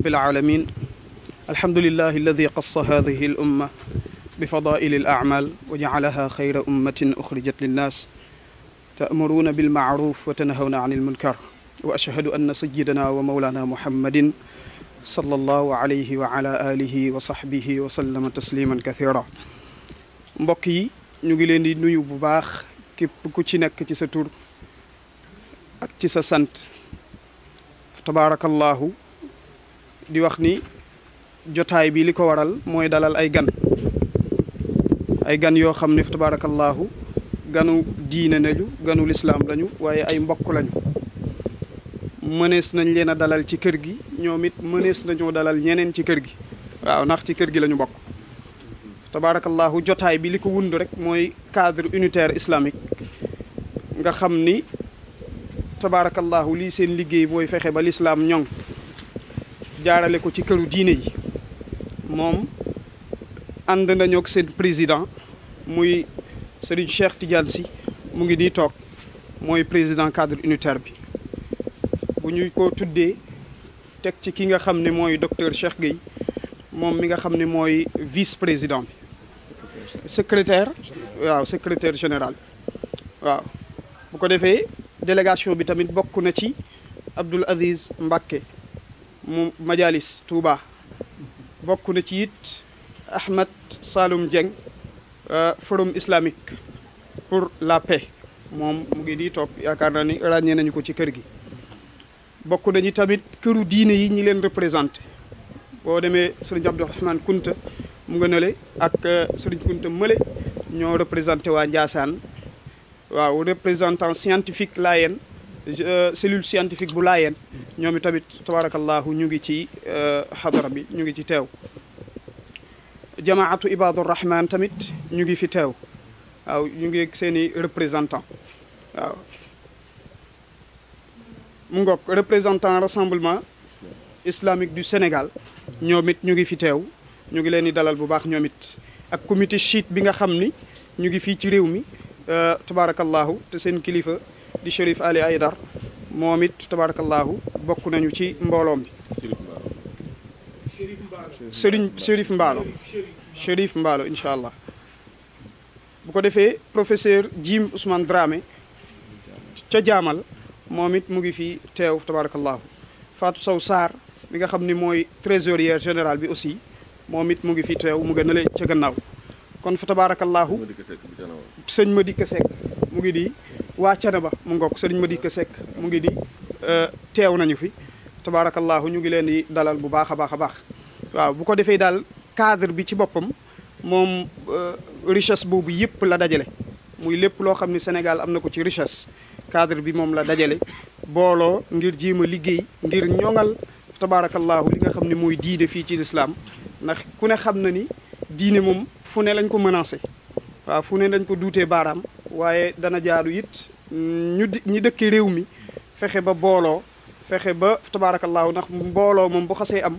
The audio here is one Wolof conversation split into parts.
رب العالمين الحمد لله الذي قص هذه الأمة بفضائل الأعمال وجعلها خير أمة أخرجت للناس تأمرون بالمعروف وتنهون عن المنكر وأشهد أن سيدنا ومولانا محمد صلى الله عليه وعلى آله وصحبه وسلم تسليما كثيرا mbokk yi ñu ngi leen di nuyu bu baax képp ku ci sant di wax ni jotaay bi li ko waral mooy dalal ay gan ay gan yoo xam ne fa tabaarakallaahu ganu diine nañu ganu lislaam lañu waaye ay mbokk lañu mënees nañ leen a dalal ci kër gi ñoom it mënees nañoo dalal ñeneen ci kër gi waaw ndax ci kër gi lañu ñu bokk tabaarakallaahu jotaay bi li ko wund rek mooy cadre unitaire islamique nga xam ni tabaarakallaahu lii seen liggéey booy fexe ba lislaam ñoŋ jaarale ko ci këru diine yi mom and nañu ak seen président muy Serigne Cheikh Tidiane Sy mu ngi nii toog mooy président cadre unitaire bi bu ko tuddé tek ci ki nga xamné moy docteur Cheikh Gueye mom mi nga xamné moy vice président bi secrétaire waaw secrétaire général waaw bu ko défé délégation bi tamit bokku na ci Abdoul Aziz Mbacké mu majalis Touba bokk na ci it Ahmed Saloum Dieng euh, forum islamique pour la paix moom mu ngi nii topp yaakaar naa ni ràññee nañu ko ci kër gi bokk nañu tamit këru diine yi ñi leen représenté boo demee sëriñ Abdourahmane Kunta mu nga nële ak euh, sëriñ Kunta Mële ñoo représenté waa Njaasaan waaw représentant scientifique laa yeen cellule scientifique bu laayeen ñoom tamit tabarakallahu ñu ngi ci xadara bi ñu ngi ci teew jamaatu ibadur rahman tamit ñu ngi fi teew waaw ñu ngi seen représentant waaw mu ngoog représentant rassemblement islamique du Sénégal ñoom it ñu ngi fi teew ñu ngi leen dalal bu baax ñoom it ak comité chiite bi nga xam ñu ngi fii ci réew mi tabarakallahu te seen kilifa di Chérif Ali Aydar momit it tabaarakallaahu bokk nañu ci mbolom bi Serigne Chérif Mbaalo Chérif Mbaalo bu ko defé professeur Jim Ousmane Dramé ca jamal momit mu ngi fi teew tabaarakallaahu Fatou Sow sar mi nga xamni moy trésorier général bi aussi momit mu ngi fi tew mu gënalé ca gannaaw kon fa tabaarakallaahu sëñ Madick Seck mu ngi di waa Thiénaba mu ngoog sëñ Madick Seck mu ngi di euh tew nañu fi tabarak allah ñu ngi leen di dalal bu baakha baakha baax a waaw bu ko defey dal cadre bi ci bopam mom richesse bobu yep la dajale muy lépp lo xamni Sénégal amna ko ci richesse cadre bi mom la dajale bolo ngir jima liggey ngir ñongal tabarak allah li nga xamni moy diide fi ci l'islam ndax ku ne xamna ni diine moom fu ne lañ ko menacé waaw fu ne lañ ko duutee baaraam waaye dana jaaru it mm, ñu di ñi dëkkee réew mi fexe ba booloo fexe ba tabaarakallaahu ndax mbooloo moom bu xasee am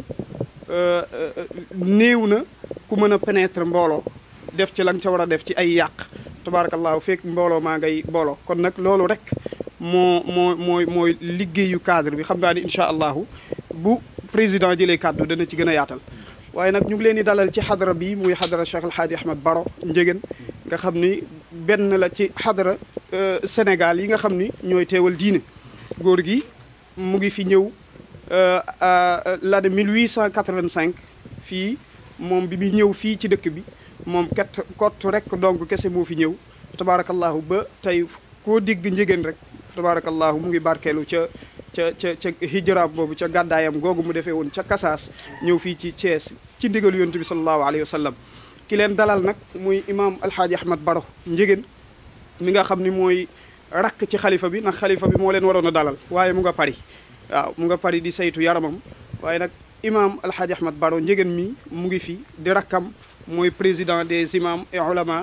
euh, euh, néew na ku mën a pénétrer mbooloo def ci la nga ca war a def ci ay yàq tabaarakallaahu fekk mbooloo maa ngay booloo kon nag loolu rek moo moo mooy mooy liggéeyu cadre bi xam naa ni incha allahu bu président jëlee kàddu dana ci gën a yaatal waaye nag ñu ngi leen di dalal ci xadara bi muy xadara Cheikh El Hadj Ahmed Baro Ndiéguène nga xam ni benn la ci xadara Sénégal yi nga xam ni ñooy teewal diine góor gi mu ngi fi ñëw l'année 1885 fii moom bi muy ñëw fii ci dëkk bi moom kat kott rek donc kese moo fi ñëw tabaarakallahu ba tey koo digg Ndiéguène rek tabaarakallaahu mu ngi barkeelu ca ca ca ca hijraam boobu ca gàddaayam googu mu defee woon ca Kasaas ñëw fii ci Thiès ci ndigal yontu bi sallallahu alayhi wa sallam ki leen dalal nag muy imaam alxaaji ahmad baro njigéen mi nga xam ni mooy rakk ci xalifa bi ndax xalifa bi moo leen waroon a dalal waaye mu nga Paris waaw mu nga Paris di saytu yaramam waaye nag imaam alxaaji ahmad baro njigéen mi mu ngi fi di rakkam mooy président des imams et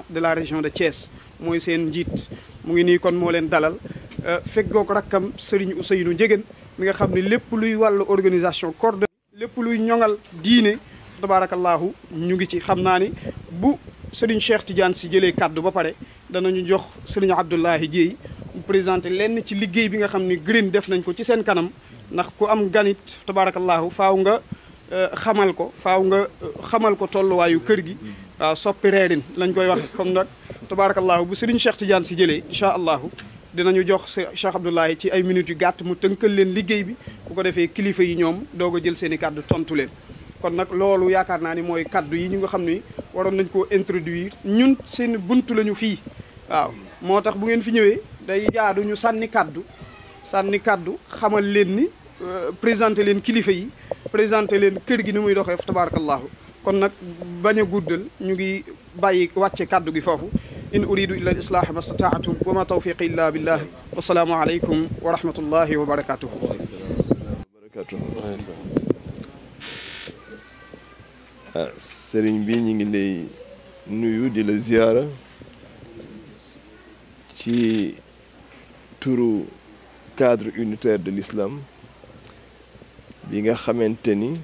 de la région de Thiès mooy seen njiit mu ngi nii kon moo leen dalal Euh, feggoog rakkam Serigne Ousseynou Ndiéguène mi nga xam ne lépp luy wàllu organisation cordon lépp luy ñoŋal diine tabaarakallaahu ñu ngi ci xam naa ni bu Serigne Cheikh Tidiane si jëlee kàddu ba pare danañu jox Serigne Abdoulahi Dieye mu présenté lenn ci liggéey bi nga xam ni Green def nañ ko ci seen kanam ndax ku am ganit tabaarakallaahu faaw nga euh, xamal ko faaw nga euh, xamal ko tolluwaayu kër gi waaw soppi reerin lañ koy waxe comme nag tabaarakallaahu bu Serigne Cheikh Tidiane si jëlee incha allahu dinañu jox Cheikh Abdoulaye ci ay minutes yu gàtt mu tënkal leen liggéey bi bu ko defee kilifa yi ñoom doog a jël seeni kàddu tontu leen. kon nag loolu yaakaar naa ni mooy kàddu yi ñu nga xam ni waroon nañ koo introduire ñun seen buntu lañu fii waaw moo tax bu ngeen fi ñëwee day jaadu ñu sànni kàddu sànni kàddu xamal leen ni euh, présenté leen kilifa yi présenté leen kër gi ni muy doxee fa tabaarakallaahu kon nag bañ a guddal ñu ngi bàyyi wàcce kàddu gi foofu إن أريد إلا الإصلاح ما استطعت وما توفيق إلا بالله والسلام عليكم ورحمة الله وبركاته سرين بيني اللي نيو دي لزيارة تي تورو كادر يونيتير دي الإسلام بيغا خمنتني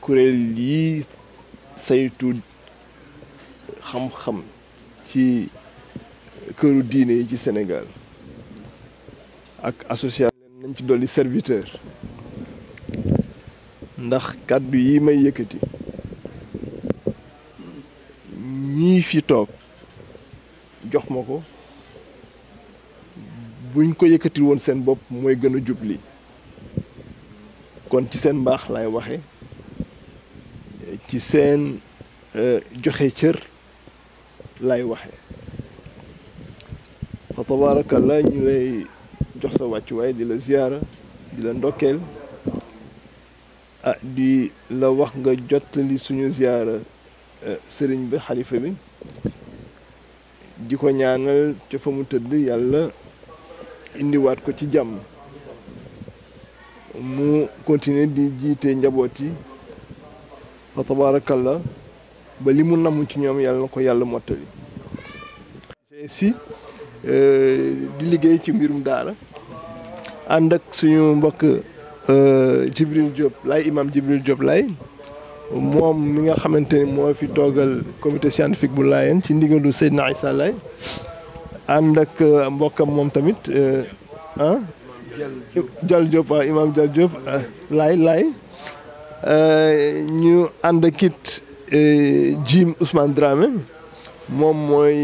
كوريلي سيتو xam-xam ci këru diine yi ci Sénégal ak association nañ ci dolli serviteur ndax kàddu yi may yëkkati ñii fi toog jox ma ko buñ ko yëkkati woon seen bopp mooy gën a jubli kon ci seen mbaax lay waxe ci seen euh, joxe cër lay waxee fa tabarakallah ñu lay jox sa wàccuwaay di la ziyaara di la ndokkeel ah, di la wax nga jottali suñu ziyaara eh, sëriñ bi xalifa bi di ko ñaanal ca fa mu tëdd yàlla indiwaat ko ci jàmm mu continuer di jiite njaboot yi fa tabarakallah ba li mu namul ci ñoom yàlla na ko yàlla mottali si euh, di liggéey ci mbirum daara ànd ak suñu mbokk euh, Jibril Diop lay imam Jibril Diop lay moom mi nga xamante ni moo fi toogal comité scientifique bu Laayeen ci ndigalu Seydina Issa Laye ànd ak euh, mbokkam moom tamit ah Jal Diop waaw imam Jal Diop laay laay ñu ànd ak Jim Ousmane Dramé moom mooy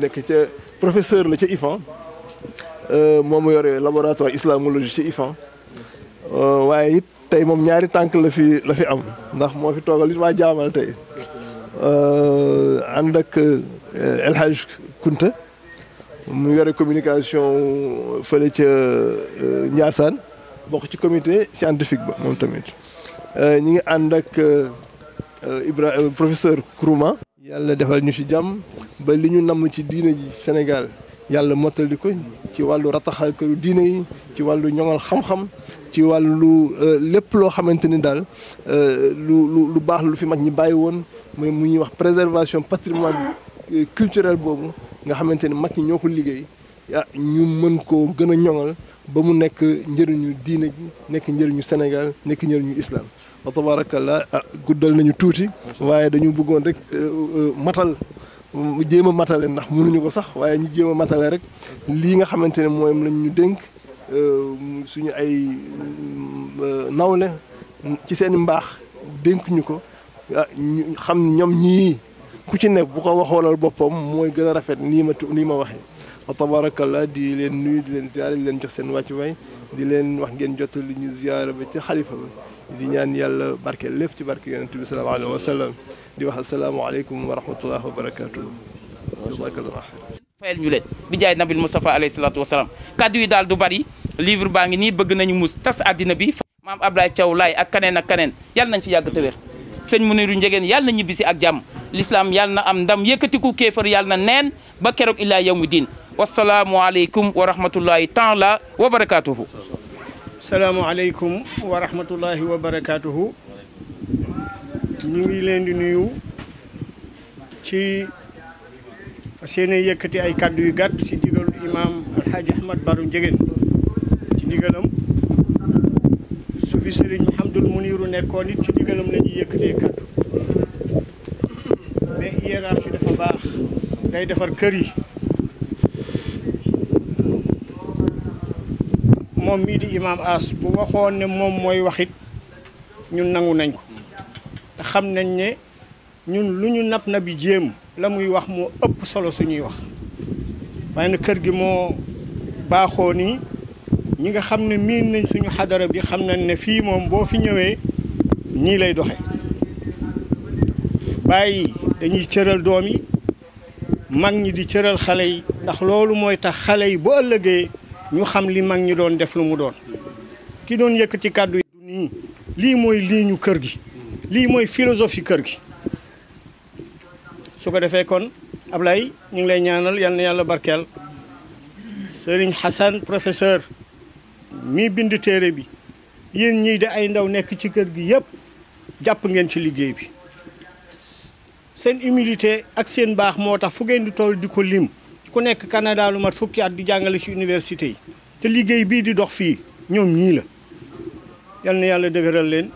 nekk ca professeur la ca IFAN moom mu yore laboratoire islamologie ci IFAN waaye it tey moom ñaari tànk la fi la fi am ndax moo fi toogal it waa jaamal tey ànd ak El Hadj Kunta mu yore communication fële ca Ndiassane bokk ci comité scientifique ba moom tamit ñi ngi ànd ak. Euh, Ibra euh, professeur Kourouma. yàlla defal ñu ci jàmm ba li ñu namm ci diine ji Sénégal yàlla mottali ko ci wàllu rataxal këru diine yi ci wàllu ñoŋal xam-xam ci wàllu euh, lépp loo xamante ni daal lu lu baax lu fi mag ñi bàyyi woon mooy mu ñuy wax préservation patrimoine culturel boobu nga xamante ni mag ñi ñoo ko liggéey ah ñu mën ko gën a ñoŋal ba mu nekk njëriñu diine gi nekk njëriñu Sénégal nekk njëriñu islam. fa tabarakallah ah guddal nañu tuuti waaye dañu bëggoon rek euh, euh, matal jéem a matale ndax mënuñu ko sax waaye ñu jéem a matale rek lii nga xamante ne mooy lañ ñu dénk euh, suñu ay nawle ci seen mbaax dénk ñu ko ah ñu xam ñoom ñii ku ci nekk bu ko waxoolal boppam mooy gën a rafet nii ma nii ma waxee wa tabarakallah di leen nuyu di leen ziyaare di leen jox seen wàccu way di leen wax ngeen jottali ñu ziyaare ba ci xalifa bi di ñaan yàlla barke lépp ci barke yonent bi sallallahu alayhi wa sallam di wax asalaamaaleykum wa rahmatullahi wa barakatuh jazakallah fayal ñu leen bi jaay nabil Moustapha alayhi salaatu wasalaam kàddu yi daal du bari livre baa ngi nii bëgg nañu mus tas àddina bi maam Ablaye Thiaw Laye ak kaneen ak kaneen yàlla nañ fi yàgg te wér sëñ Muniru Njegeen yàlla na ñibbisi ak jàmm l'islam yàlla na am ndam yëkkatiku kéefar yàlla na neen ba keroog illaa yawmi diin wasalaamualeykum wa rahmatullahi taala wa barakatuhu salaamualeykum wa rahmatullahi wa barakaatuhu ñu ngi leen di nuyu ci seen yëkkati ay kàddu yu gàtt ci ndigalu imaam alxaaji ahmad baru njegéen ci ndigalam su fi sëriñ Mouhamadul Muniru nekkoon it ci ndigalam la ñuy yëkkatee kàddu mais hiérarchie dafa baax day defar kër yi moom mii di imaam As bu waxoon ne moom mooy waxit ñun nangu nañ ko te xam nañ ne ñun lu ñu nab na bi jéem la muy wax moo ëpp solo suñuy wax waaye na kër gi moo baaxoo nii ñi nga xam ne miin nañ suñu xadara bi xam nañ ne fii moom boo fi ñëwee ñii lay doxe bàyyi dañuy cëral doom yi mag ñi di cëral xale yi ndax loolu mooy tax xale yi bu ëllëgee ñu xam li mag ñu doon def lu mu doon ki doon yëkk ci kàddu yi nii lii mooy lii ñu kër gi lii mooy philosophie kër gi su ko defee kon Ablaye ñu ngi lay ñaanal yal yàlla barkeel Serigne Hassan professeur mi bind téere bi yéen ñii de ay ndaw nekk ci kër gi yëpp jàpp ngeen ci liggéey bi seen humilité ak seen baax moo tax fu ngeen di toll di ko lim ku nek Canada lu mat fukki at di jangal ci université te bi di dox fi ñom ñi la yal yalla yàlla len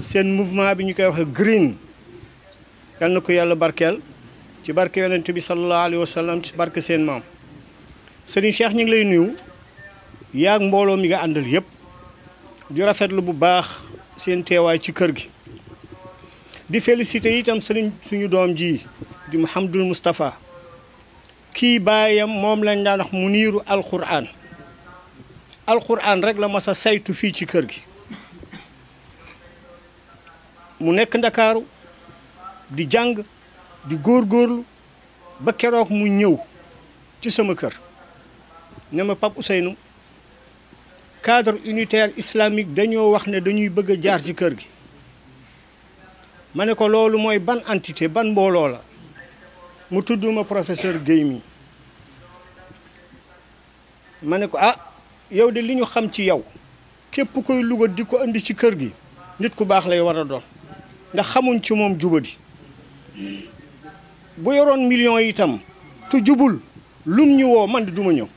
sen mouvement bi ñu koy wax green yal nako yalla barkel ci barke yonent bi sallallahu alaihi wasallam ci barke sen maam Serigne Cheikh ñu ngi lay nuyu yaag mbolo mi nga andal yépp di rafetlu bu baax sen teewaay ci kër gi di féliciter itam Serigne suñu dom ji di Mouhamadul Mustafa. Kibayam bayam mom lañ dan wax muniru alquran alquran rek la massa saytu fi ci kër gi mu nek ndakaaru di jang di góorgóorlu ba kérok mu ñew ci sama kër nema pap Pape cadre unitaire islamique dañu wax ne dañuy bëgg jaar ci kër gi mané ko lolu moy ban entité ban mbolo la mu tudd ma professeur Guèye mi ma ne ko ah yow de li ñu xam ci yow képp koy Louga di ko indi ci kër gi nit ku baax lay war a doon ndax xamuñ ci moom jubadi bu yoroon millions yi itam tu jubul lum ñu woo man du duma ñëw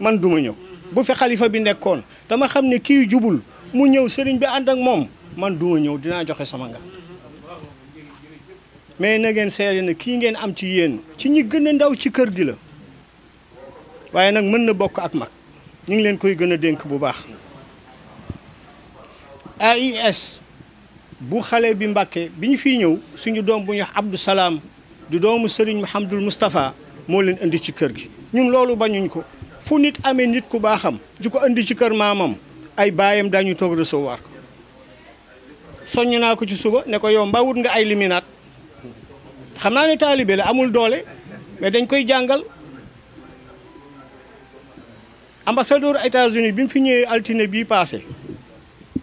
man duma ñëw bu fi xalifa bi nekkoon dama xam ne kii jubul mu ñëw sëriñ bi ànd ak moom man du ma ñëw dinaa joxe sama nga mais na ngeen seere na kii ngeen am ci yéen ci ñi gën ndaw ci kër gi la waaye nag mën na bokk ak mag ñu ngi leen koy gën a dénk bu baax AIS bu xale bi Mbàkke bi ñu fiy ñëw suñu doom bu ñu wax Abdou Salaam du doomu Serigne Mouhamadul Moustapha moo leen indi ci kër gi ñun loolu bañuñ ko fu nit amee nit ku baaxam di ko indi ci kër maamam ay baayam dañu toog recevoir ko soññ naa ko ci suba ne ko yow mbaa wut nga ay liminaat xam naa ne taalibe la amul doole mais dañ koy jàngal ambassadeur états uni bi mu fi ñëwee altine bii paase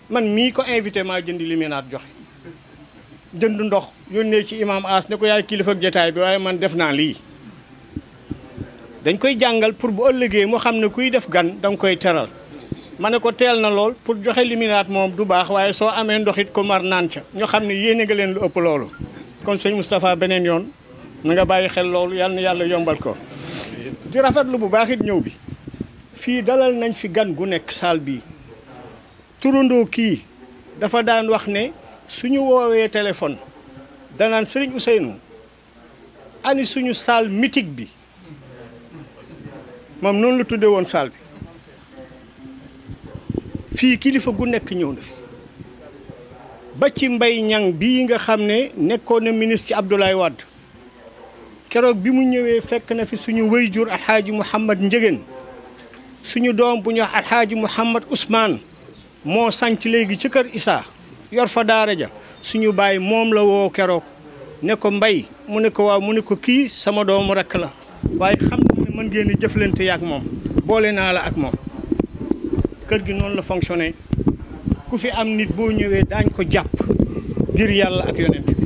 man mii ko invité maa jënd liminaat joxe jënd ndox yónnee ci imam As ne ko yaay kilifa ak jotaay bi waaye man def naa lii dañ koy jàngal pour bu ëllëgee mu xam ne kuy def gan danga koy teral ma ne ko teel na lool pour joxe liminaat moom du baax waaye soo amee ndoxit ko mar naan ca ñoo xam ne yéene nga leen lu ëpp loolu kon sëñ Moustapha beneen yoon na nga bàyyi xel loolu yal na yàlla yombal ko di rafet lu bu baax ñëw bi fii dalal nañ fi gan gu nekk saal bi turandoo kii dafa daan wax ne suñu woowee téléphone danaan sëriñ Ousseynou ani suñu saal mitik bi moom noonu la tuddee woon saal bi fii kilifa gu nekk ñëw na fi ba ci mbay ñang bii nga xam ne nekkoon na ministre ci Abdoulaye Wade keroog bi mu ñëwee fekk na fi suñu wayjur alxaaji Mouhamad Njëgeen suñu doom bu ñu wax alxaaji Mouhamad Ousmane moo sanc léegi ci kër Issa yor fa daara ja suñu bay moom la wo keroog ne ko mbay mu ne ko wa mu ne ko kii sama doomu rakk la waaye xam na ne mën ngeen a jëflante yaak moom boole na la ak moom kër gi non la fonctionné ku fi am nit bo ñëwé dañ ko jàpp ngir yàlla ak yonent bi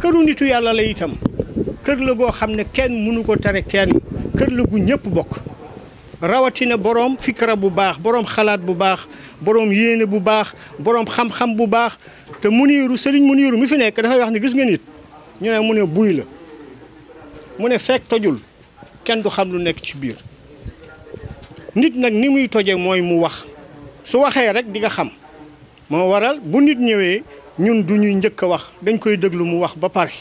këru nitu yàlla la itam kër la go xamné kenn mënu ko taré kenn kër la gu ñëpp bok rawati na borom fikra bu baax borom xalaat bu baax borom yéene bu baax borom xam-xam bu baax te muniru Sëriñ muniru mi fi nekk dafay wax ni gis nga nit ñu ne mu ne buy la mu ne fekk tojul kenn du xam lu nekk ci biir nit nak ni muy toje moy mu wax su waxe rek diga kham, xam mo waral bu nit ñewé ñun du ñëk wax dañ koy dëglu mu wax ba paré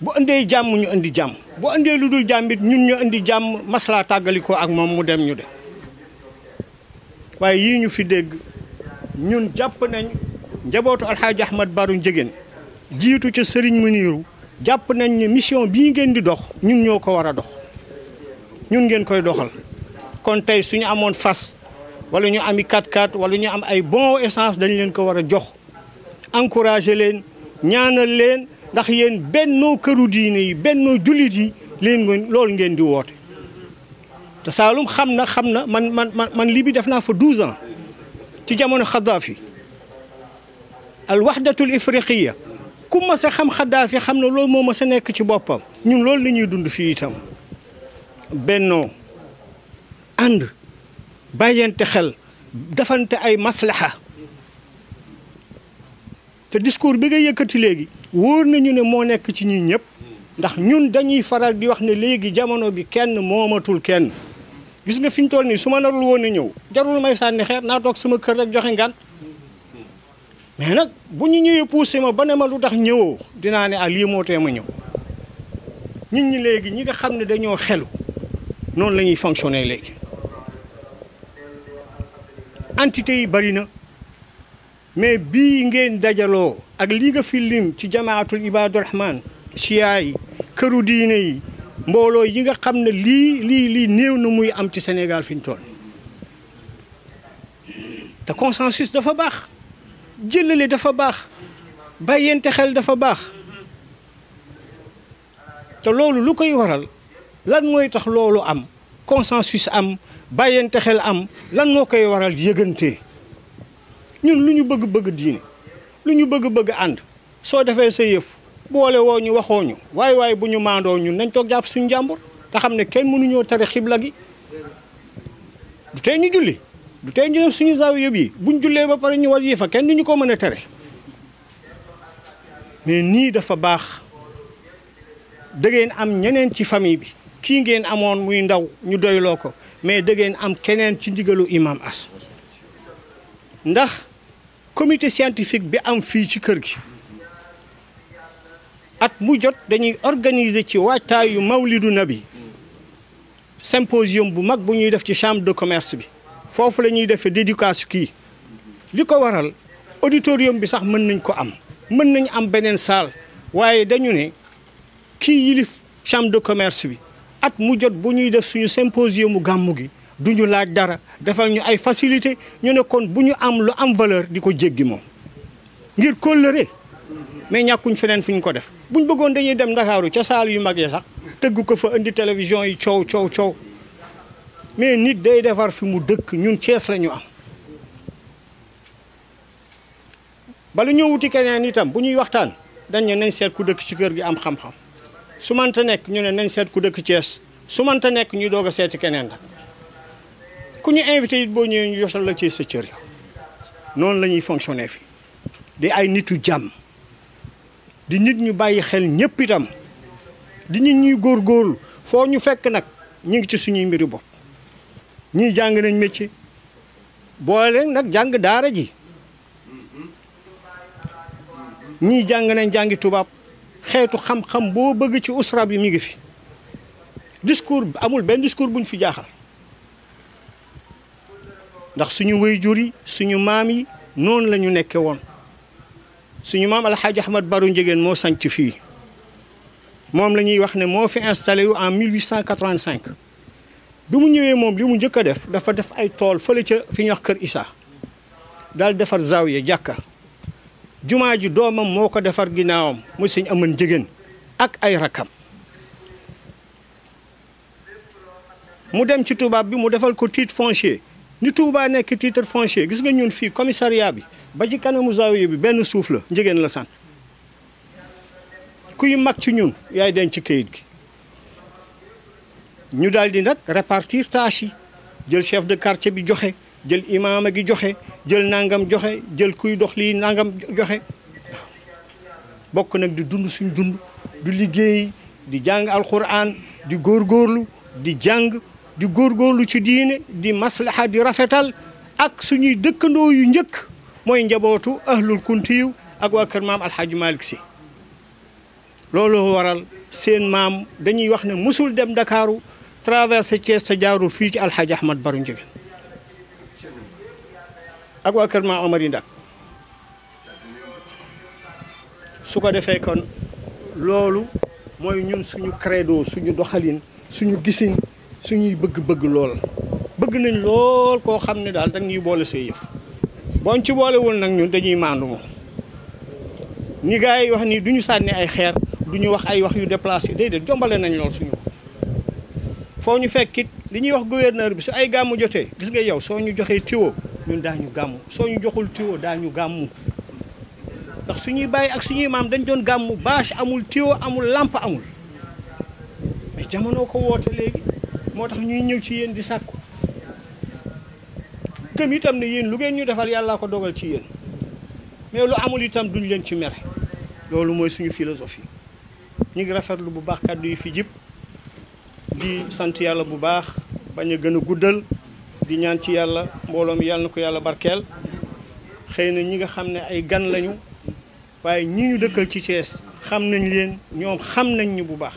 bu ëndé jamm ñu ëndi jamm bu ëndé luddul dul andi ñun ñu ëndi jamm masla tagaliko ak mom mu dem ñu dé waye yi ñu fi dégg ñun japp nañ njabootu alhaji Ahmad Baru jigen jitu ci serigne muniru japp nañ ni mission bi ngeen di dox ñun ñoko wara dox ñun ngeen koy doxal kon tey ñu amoon fas wala ñu ami 4x4 wala ñu am ay bon essence dañu leen ko war a jox encourager leen ñaanal leen ndax yéen bennoo këru diine yi bennoo jullit yi leen ngeen loolu ngeen di woote te Saalum xam na xam na man man man lii bi def naa fa 12 an ci jamono Xaddaafi al waxdatul ifriqiya ku ma sa xam Xaddaafi xam na loolu moo ma sa nekk ci boppam ñun loolu la ñuy dund fii itam. bennoo ànd bàyyente xel dafante ay maslaxa te discours bi nga yëkkati léegi wóor nañu ne moo nekk ci ñun ñëpp ndax ñun dañuy faral di wax ne léegi jamono bi kenn moomatul kenn gis nga fi ñu toll nii su ma narul woon a ñëw jarul may sànni xeer naa toog sama kër rek joxe ngànt mais nag bu ñu ñëwee poussé ma ba ma lu tax ñëwoo dinaa ne ah lii moo ma ñëw ñun ñi léegi ñi nga xam ne dañoo xelu non lañuy ñuy fonctionner léegi entité yi bari na mais bi ngeen dajalo ak li nga fi lim ci jamaatul ibaadu rahman siyaa yi këru diine yi mbolo yi nga xamne li li li néew na muy am ci Sénégal fiñ ñu toll te consensus dafa bax jëlale dafa bax bàyyente xel dafa bax te loolu lu koy waral lan mooy tax loolu am consensus am bàyyente xel am lan moo koy waral yëgante ñun lu ñu bëgg-bëgg diine lu ñu bëgg-bëgg ànd soo defee sa yëf boole woo ñu waxooñu ñu waaye waaye bu ñu maandoo ñun nañ toog jàpp suñu jàmbur te xam ne kenn mënuñoo tere xibla gi du tey ñu julli du tey ñu dem suñu zaaw yëpp yi buñ jullee ba pare ñu war yi kenn du ñu ko mën a tere mais nii dafa baax da am ñeneen ci famille bi kii ngeen amoon muy ndaw ñu doyloo ko mais da ngeen am keneen ci ndigalu imam as ndax comité scientifique bi am fii ci kër gi at mu jot dañuy organiser ci waajtaayu mawlidu nabi symposium bu mag bu ñuy def ci chambre de commerce bi foofu la ñuy defee dédicace kii li ko waral auditorium bi sax mën nañ ko am mën nañ am beneen salle waaye dañu ne kii yilif chambre de commerce bi at mu jot bu ñuy def suñu symposium mu gàmmu gi duñu ñu laaj dara defal ñu ay facilité ñu nekkoon bu ñu am lu am valeur di ko jéggi moom ngir kóllëre mais ñàkkuñ feneen fu ñu ko def buñ bëggoon dañuy dem ndakaaru ca saal yu mag ya sax tëgg ko fa indi télévision yi coow coow coow mais nit day defar fi mu dëkk ñun Cees la ñu am bala ñoo wuti keneen itam bu ñuy waxtaan dañ ne nañ seet ku dëkk ci kër gi am xam-xam su manta nekk ñu ne nañ seet ku dëkk Thiès su manta nekk ñu doog a seeti keneen nag ku ñu invité boo ñëwee ñu jotal la ci sa cër ya noonu la ñuy fonctionner di ay nit nitu jàmm di nit ñu bàyyi xel ñëpp itam di nit góor góorgóorlu foo ñu fekk nag ñu ngi ci suñuy mbiru bopp ñii jàng nañ métier boole nag jàng daara ji ñii jàng nañ jàngi tubaab xeetu xam-xam boo bëgg ci usra bi mi ngi fi discours amul benn discours buñ fi jaaxal ndax suñu waajur yi suñu maam yi noonu la ñu nekke woon suñu maam alxaaji ahmad baru njegéen moo sanc fii moom la ñuy wax ne moo fi installé yu en 1885 bi mu ñëwee moom li mu njëkk a def dafa def ay tool fële ca fi ñuy wax kër Issa daal defar zawiya jàkka jumaa ji doomam moo ko defar ginnaawam muy sëñ aman jigéen ak ay rakkam mu dem ci tubaab bi mu defal ko titre foncier ni Touba nekk titre foncier gis nga ñun fii commissariat bi ba ci kanamu zawiya bi benn suuf la njëgeen la sant kuy mag ci ñun yaay dem ci kayit gi ñu daldi di nag répartir tâche jël chef de quartier bi joxe jël imaama gi joxe jël nangam joxe jël kuy dox lii nangam joxe bokk nag di dund suñ dund du liggéey di jàng alquran di góor góorlu di jàng di góorgóorlu ci diine di maslaha di rafetal ak suñuy dëkkandoo yu njëkk mooy njabootu ahlul kuntiyu ak waa kër maam alxaaji malik si loolu waral seen maam dañuy wax ne musul dem ndakaaru traversé Thiès te jaarul fii ci alxaaji ahmad baru njëgeen ak wa keur ma Omar yi Ndak su ko kon lolu moy ñun suñu credo suñu doxalin suñu gisin suñu bëgg-bëgg lool bëgg nañ lool ko xam ne daal dañuy bolé sey yef bon ci boolewul nak ñun dañuy mandu mo ñi gaay wax ni duñu sanni ay xeer duñu wax ay wax yu déplacé déedéet jombalé nañ lool suñu fo ñu fekkit li ñuy wax gouverneur bi su ay gamu gis nga yow so ñu joxé tiwo ñun ñu gàmmu soo ñu joxul daa ñu gàmmu ndax suñuy bàyyi ak suñuy maam dañ doon gàmmu bâche amul tuyau amul làmp amul mais jamono ko woote léegi moo tax ñuy ñëw ci yéen di sàkku gëm itam ne yéen lu ngeen ñu defal yàlla ko dogal ci yéen mais lu amul itam duñ leen ci mere loolu mooy suñu philosophie ñu ngi rafetlu bu baax kàddu yi fi jib di sant yàlla bu baax bañ a gën a guddal di ñaan ci yàlla mbolom yàlla na yàlla barkel xeyna ñi nga xamne ay gan lañu waye ñi ñu dëkkal ci ties xam nañ leen ñom xam nañ ñu bu baax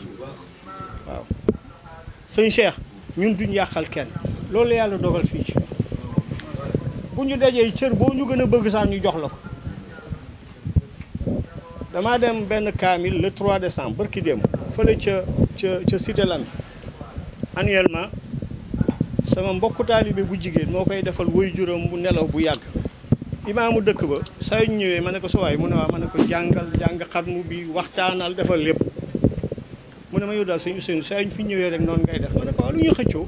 waaw sëñ Cheikh ñun duñ yàqal kenn loolu yàlla dogal fi ci bu ñu dajee cër bo ñu gëna bëgg sax ñu jox lako dama dem ben kamil le 3 décembre barki dem fële ci ci ci Cité lan annuellement sama mbokku taalibe bu jigéen moo koy defal woy juróom bu nelaw bu yàgg imaamu dëkk ba saa yu ñëwee ma ne ko suwaay mu ne waa ma ne ko jàngal jàng xarnu bi waxtaanal defal lépp mu ne ma yow daal sëñ Ousseynou saa fi ñëwee rek noonu ngay def ma ne ko lu ñu xëccoo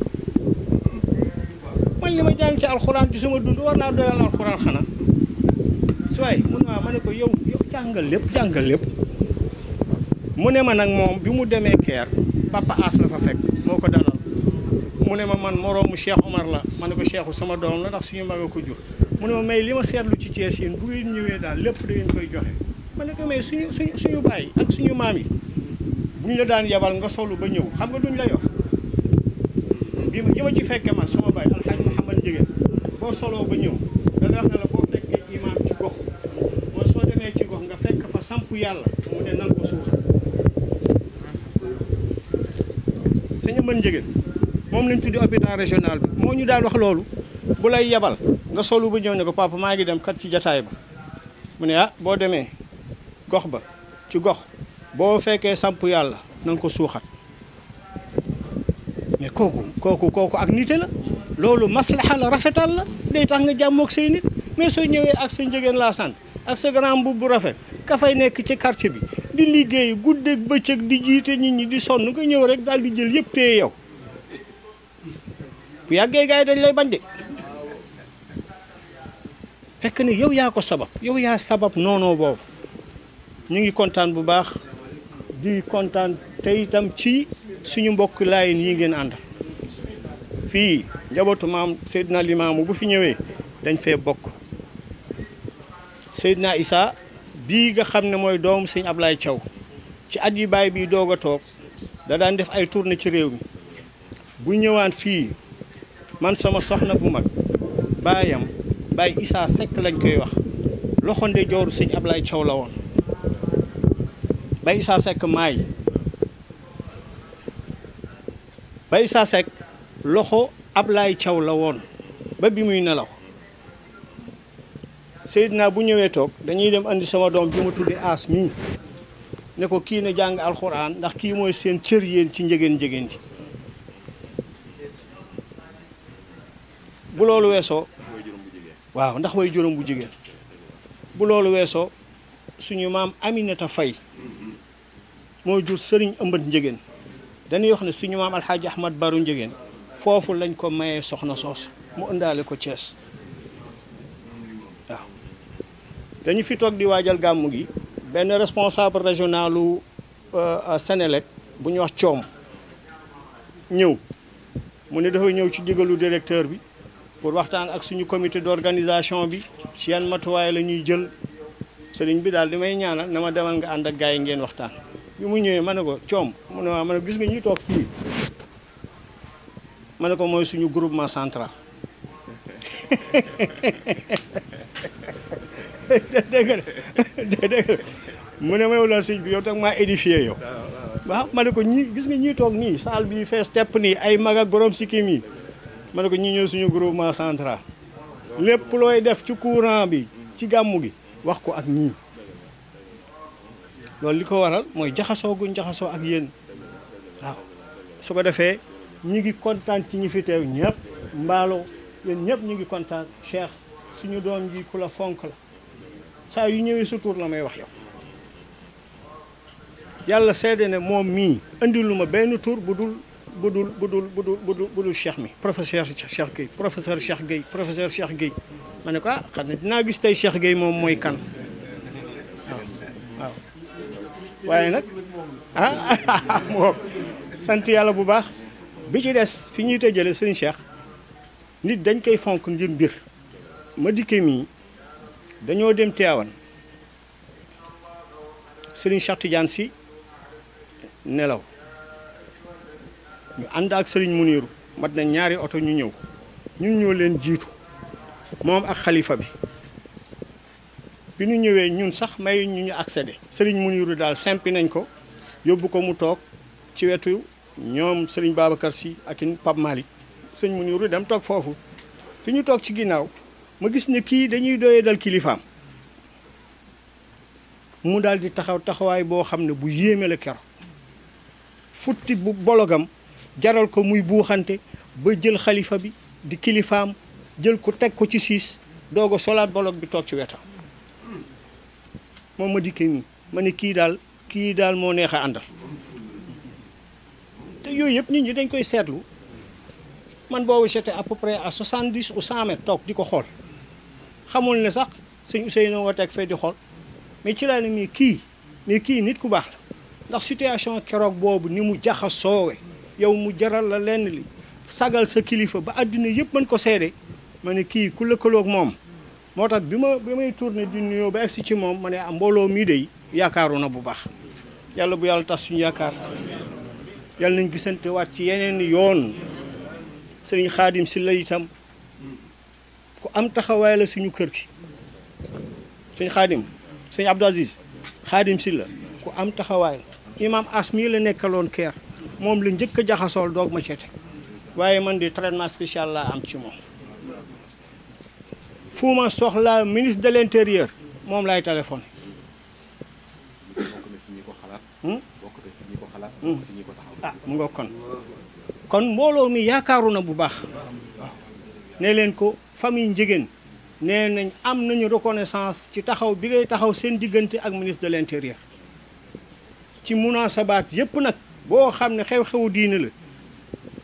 man li ma jàng ci alxuraan dund war naa doyal alxuraan xanaa suwaay mu ne waa ma ne ko yow yow jàngal lépp jàngal lépp mu ne ma nag moom bi mu demee keer papa as la fa fekk moo ko dalal mu ne ma man moroomu Cheikh Omar la man a ko Cheikhu sama doom la ndax suñu mag a ko jur mu ne ma may li ma seetlu ci Thiès yéen bu ngeen ñëwee daal lépp da ngeen koy joxe ma ne ko may suñu suñu suñu ak suñu maam yi bu ñu la daan yebal nga solu ba ñëw xam nga duñ la yor bi ma ci fekkee man sama baay alxaaj Mouhamad Njëgeen boo soloo ba ñëw dana wax ne fekkee imaam ci gox mooy soo demee ci gox nga fekk fa samp yàlla mu ne nan ko suuxal sëñ Amad Njëgeen moom lañ tuddi hôpital régional bi moo ñu daan wax loolu bu lay yebal nga solu ba ñëw ne ko papa maa ngi dem kat ci jataay ba mu ne ah boo demee gox ba ci gox boo fekkee samp yàlla na ko suuxat mais kooku kooku kooku ak nite la loolu maslaxa la rafetal la day tax nga jàmmoog say nit mais soo ñëwee ak sa njëgeen laa sant ak sa grand mbubb bu rafet ka fay nekk ci quartier bi di liggéey guddeeg bëccëg di jiite nit ñi di sonn nga ñëw rek daal di jël yëpp téye yow bu yàggee gars yi dañ lay bañ de fekk ne yow yaa ko sabab yow yaa sabab noonoo boobu ñu ngi kontaan bu baax di kontaan te itam ci suñu mbokk laayin yi ngeen ànd fii njabootu maam Seydina Limaamu bu fi ñëwee dañ fee bokk sedd Seydina Isa bii nga xam ne mooy doomu sëñ Ablaye Thiaw ci at yi baay bi doog a toog da def ay tournée ci réew mi bu ñëwaan fii man sama soxna bu mag baayam Baye Issa Seck lañ koy wax loxo ndeyjooru sëñ Ablaye Thiaw la woon Baye Issa Seck maay Baye Issa loxo Ablaye Thiaw la woon ba bi muy nelaw naa bu ñëwee toog dañuy dem indi sama doom bi ma tuddee aas mii ne ko kii na jàng alxuraan ndax kii mooy seen cër yéen ci njëgeen njëgeen ji bu lolou wow, waaw ndax way jorom bu jigen bu lolou wesso suñu mam Aminata Fay mo jur serigne eumbeut jigen dañuy wax ne suñu mam alhaji ahmad baru jigen fofu lañ ko maye soxna sos, mu andale ko ties waaw dañu fi tok di wajal gamu gi ben responsable ou euh, Sénélec bu buñ wax ciom ñew mu ne dafa ñew ci digalu directeur bi pour waxtaan ak suñu comité d'organisation bi ci yan matuway la ñuy jël sëriñ bi dal dimay ñaanal nama demal nga and ak gaay ngeen waxtaan bi mu ñëwé ma ne ko coom mu ne ma ma gis nga ñuy tok fi ma ne ko mooy suñu groupement central dégg nga dégg mu la sëñ bi yow tak ma édifié yow ah, ah, ah. waaw ma ko ñi gis nga ñi tok ni salle bi fess tép ni ay maga ak borom sikkim ma ne ko ñi ñoo suñu groupement central lépp looy def ci courant bi ci gàmmu gi wax ko ak ñii loolu li ko waral mooy jaxasoo guñ jaxasoo ak yéen waaw su ko defee ñu ngi kontaan ci ñu fi teew ñëpp mbaalo yéen ñëpp ñu ngi kontaan Cheikh suñu doom ji ku la fonk la saa yu ñëwee su tur la may wax yow yàlla seede ne moom mii indiluma benn tuur bu dul bu dul bu dul bu dul bu dul bu mi professeur Cheikh Gueye professeur Cheikh Gueye professeur Cheikh Gueye ma ne ko ah xam ne dinaa gis tey Cheikh Gueye moom mooy kan waaw waaw waaye nag ah moom sant yàlla bu baax bi ci des fi ñuy tëjale sëñ Cheikh nit dañ koy fonk ngir mbir ma dikkee mii dañoo dem teewan Serigne Cheikh Tidiane si nelaw ñu ànd ak sëriñ Muniiru mat na ñaari oto ñu ñëw ñun ñoo leen jiitu moom ak xalifa bi bi ñu ñëwee ñun sax may ñu ñu accédé sëriñ Muniiru daal simpi nañ ko yóbbu ko mu toog ci wetu ñoom sëriñ Babacar Sy ak in Pape Malick sëriñ Muniiru dem toog foofu fi ñu toog ci ginnaaw ma gis ne kii dañuy doyee dal kilifaam mu daal di taxaw taxawaay boo xam ne bu yéeme la keroog futti bu bologam jaral ko muy buuxante ba jël xalifa bi di kilifaam jël ko teg ko ci siis doog a solaat bolog bi toog ci wetam moom ma dikk mi ma ne kii daal kii daal moo neex a àndal te yooyu yëpp nit ñi dañ koy seetlu man boobu j'étais à peu près à 70 ou 100 mètres toog di ko xool xamul ne sax sëñ Ousseynou nga teg fee di xool mais ci laa ne mais kii mais kii nit ku baax la ndax situation keroog boobu ni mu soowe yow mu jaral la lenn li sagal sa kilifa ba àdduna yëpp mën ko seede ma ne kii ku lëkkaloog moom moo tax bi ma bi may tourné di nuyoo ba agsi ci moom ma ne ah mbooloo mii de yaakaaru na bu baax yàlla bu yàlla tas suñ yaakaar yàlla nañ gisante waat ci yeneen yoon sëriñ xaadim si la itam ku am taxawaay la suñu kër gi sëñ xaadim sëñ Abdou Aziz xaadim si la ku am taxawaay la imaam as mii la nekkaloon keer moom la njëkk a jaxasool doog ma seete waaye man di traitement spécial laa am ci moom fu ma soxlaa ministre de l' moom laay téléphoné. Hmm? ah mu nga kon kon mbooloo mi yaakaaru na bu baax ne leen ko famille njigéen nee nañ am nañu reconnaissance ci taxaw bi ngay taxaw seen diggante ak ministre de l' intérieur ci baat yépp nag boo xam ne xew-xewu diine la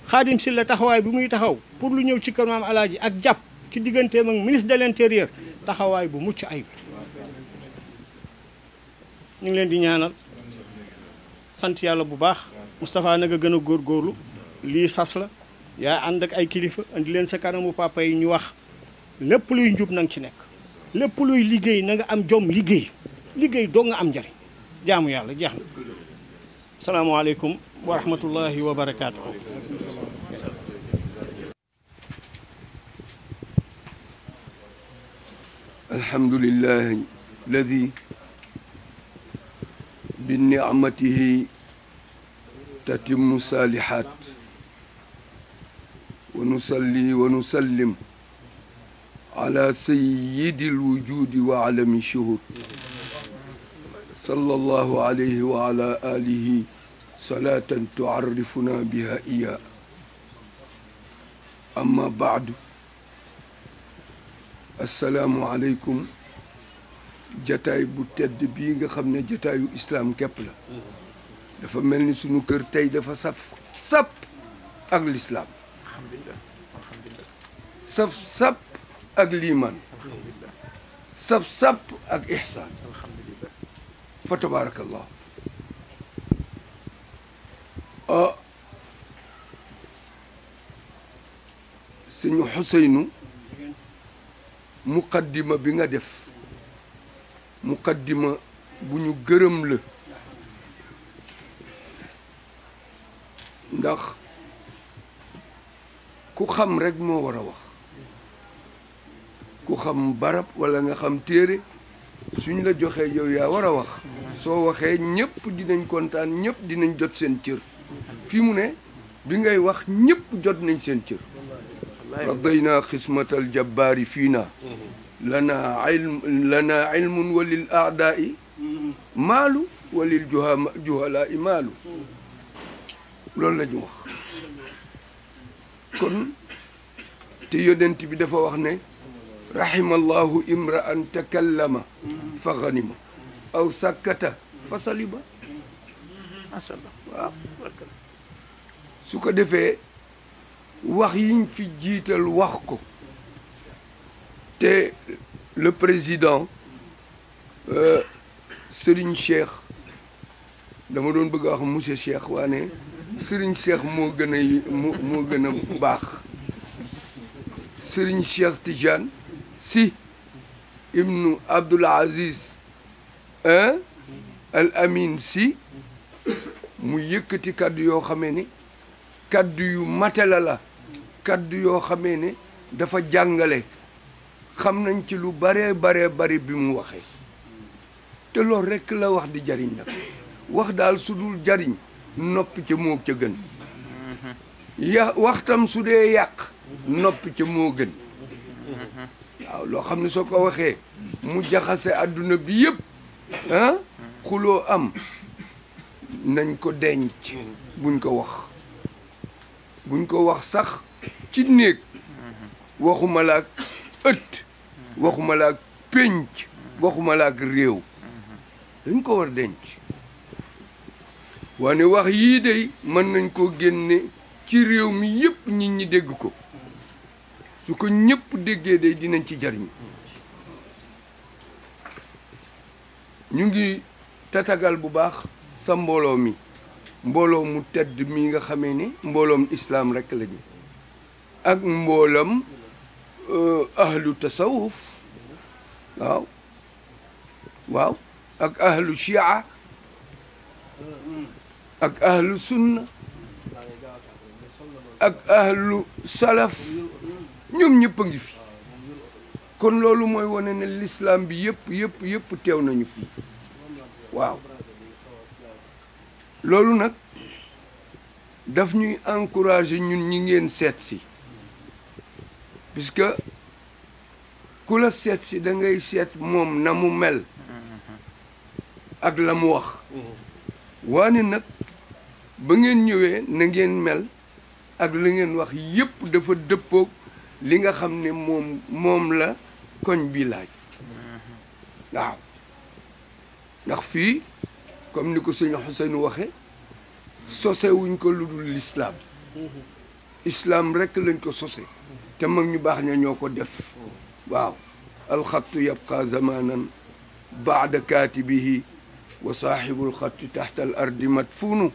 xaadim si la taxawaay bi muy taxaw pour lu ñëw ci kër maam alaaji ak jàpp ci digganteem ak ministre de l'intérieur taxawaay bu mucc ayib ñu ngi leen di ñaanal sant yàlla bu baax Moustapha nag a gën a góor góorlu lii sas la yaa ànd ak ay kilifa andi leen sa kanamu papa yi ñu wax lépp luy njub na nga ci nekk lépp luy liggéey na nga am jom liggéey liggéey doo nga am njariñ jaamu yàlla jeex na السلام عليكم ورحمة الله وبركاته الحمد لله الذي بنعمته تتم الصالحات ونصلي ونسلم على سيد الوجود وعلم الشهود صلى الله عليه وعلى آله صلاة تعرفنا بها إياه أما بعد السلام عليكم جتاي بوتد بيغا خمنا جتاي اسلام كبلا دا فا ملني سونو كير تاي صف صف اك الاسلام الحمد لله صف صف اك ليمان صف صف اك احسان fa tabarakallah suñu xuseynu muqaddima bi nga def muqaddima bu ñu gërëm la ndax ku xam rekk moo war a wax ku xam barab walla nga xam téere suñ la joxee yow yaa war a wax soo waxee ñëpp dinañ kontaan ñëpp dinañ jot seen cër fi mu ne bi ngay wax ñëpp jot nañ seen cër radaynaa xismatal jabbaari fii na lanaa ilm lanaa ilmun walil aadaai maalu walil juhama juhalaai maalu loolu la ñu wax kon te yonent bi dafa wax ne rahimallahu imra'an takallama fa ganima à Sakata, fasaliba saliba macha ce wax yiñ fi wax le président euh, Serigne Cheikh dama doon bëgg wax monsieur Cheikh Serigne Cheikh Cheikh Aziz al amin si mu yëkkati kàddu yoo xamee ni kàddu yu matela la kàddu yoo xamee ne dafa jàngale xam nañ ci lu bare baree bari bi mu waxee te loolu rekk la wax di jariñ nag wax daal su dul jariñ noppi ca moo ca gën ya waxtam su dee yàq noppi ca moo gën waaw loo xam ne soo ko waxee mu jaxase àdduna bi yépp ah xuloo am nañ ko denc buñ ko wax buñ ko wax sax ci néeg waxuma laak ëtt waxuma laak pénc waxuma laak réew dañ ko war denc wane wax yii day mën nañ koo génne ci réew mi yépp nit ñi dégg ko su ko ñépp déggee di dinañ ci jariñ ñu ngi tatagal bu baax sa mbooloo mi mbooloo mu tedd mi nga xamee ni mbooloom islaam rekk lañu ak mbooloom euh, ahlu tasawuf waaw waaw ak ahlu chia ak ahlu sunna ak ahlu salaf ñoom ñëpp a ngi fi kon loolu mooy wane ne l'islam bi yëpp yëpp yëpp teew nañu fii waaw loolu nag daf ñuy encourager ñun ñi ngeen seet si puisque ku la seet si da seet moom na mu mel ak la mu wax waane nag ba ngeen ñëwee na ngeen mel ak la ngeen wax yëpp dafa dëppoog li nga xam ne moom moom la koñ bi laaj waaw ndax fii comme ni ko sëñ Xuseen waxe sosewuñ ko lu dul lislaam islaam rekk lañ ko sose te mag ñu baax ña ñoo ko def waaw alxattu yabqa zamanan baada kaatibihi wa saaxibu alxatti taxta al madfunu